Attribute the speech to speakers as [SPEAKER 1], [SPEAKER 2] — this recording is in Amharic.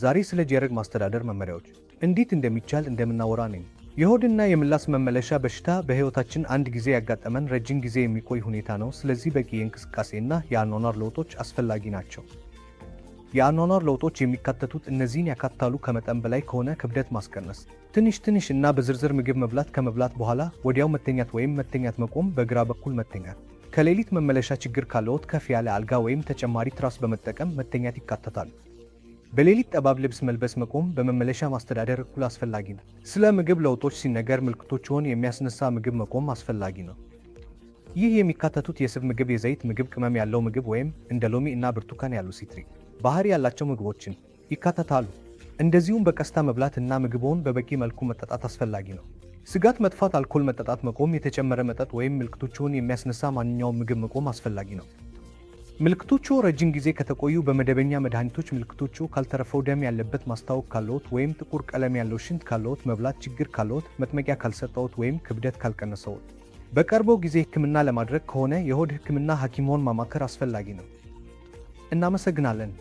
[SPEAKER 1] ዛሬ ስለ ጀረግ ማስተዳደር መመሪያዎች እንዴት እንደሚቻል እንደምናወራ ነኝ። የሆድና የምላስ መመለሻ በሽታ በሕይወታችን አንድ ጊዜ ያጋጠመን ረጅም ጊዜ የሚቆይ ሁኔታ ነው። ስለዚህ በቂ የእንቅስቃሴና የአኗኗር ለውጦች አስፈላጊ ናቸው። የአኗኗር ለውጦች የሚካተቱት እነዚህን ያካትታሉ። ከመጠን በላይ ከሆነ ክብደት ማስቀነስ፣ ትንሽ ትንሽ እና በዝርዝር ምግብ መብላት፣ ከመብላት በኋላ ወዲያው መተኛት ወይም መተኛት መቆም፣ በግራ በኩል መተኛት፣ ከሌሊት መመለሻ ችግር ካለዎት ከፍ ያለ አልጋ ወይም ተጨማሪ ትራስ በመጠቀም መተኛት ይካተታሉ። በሌሊት ጠባብ ልብስ መልበስ መቆም በመመለሻ ማስተዳደር እኩል አስፈላጊ ነው። ስለ ምግብ ለውጦች ሲነገር ምልክቶችሆን የሚያስነሳ ምግብ መቆም አስፈላጊ ነው። ይህ የሚካተቱት የስብ ምግብ፣ የዘይት ምግብ፣ ቅመም ያለው ምግብ ወይም እንደ ሎሚ እና ብርቱካን ያሉ ሲትሪ ባህሪ ያላቸው ምግቦችን ይካተታሉ። እንደዚሁም በቀስታ መብላት እና ምግቦን በበቂ መልኩ መጠጣት አስፈላጊ ነው። ስጋት መጥፋት፣ አልኮል መጠጣት መቆም፣ የተጨመረ መጠጥ ወይም ምልክቶችሆን የሚያስነሳ ማንኛውም ምግብ መቆም አስፈላጊ ነው። ምልክቶቹ ረጅም ጊዜ ከተቆዩ በመደበኛ መድኃኒቶች ምልክቶቹ ካልተረፈው ደም ያለበት ማስታወክ ካለዎት ወይም ጥቁር ቀለም ያለው ሽንት ካለዎት መብላት ችግር ካለዎት መጥመቂያ ካልሰጠዎት ወይም ክብደት ካልቀነሰዎት በቀርበው ጊዜ ህክምና ለማድረግ ከሆነ የሆድ ህክምና ሐኪምዎን ማማከር አስፈላጊ ነው። እናመሰግናለን።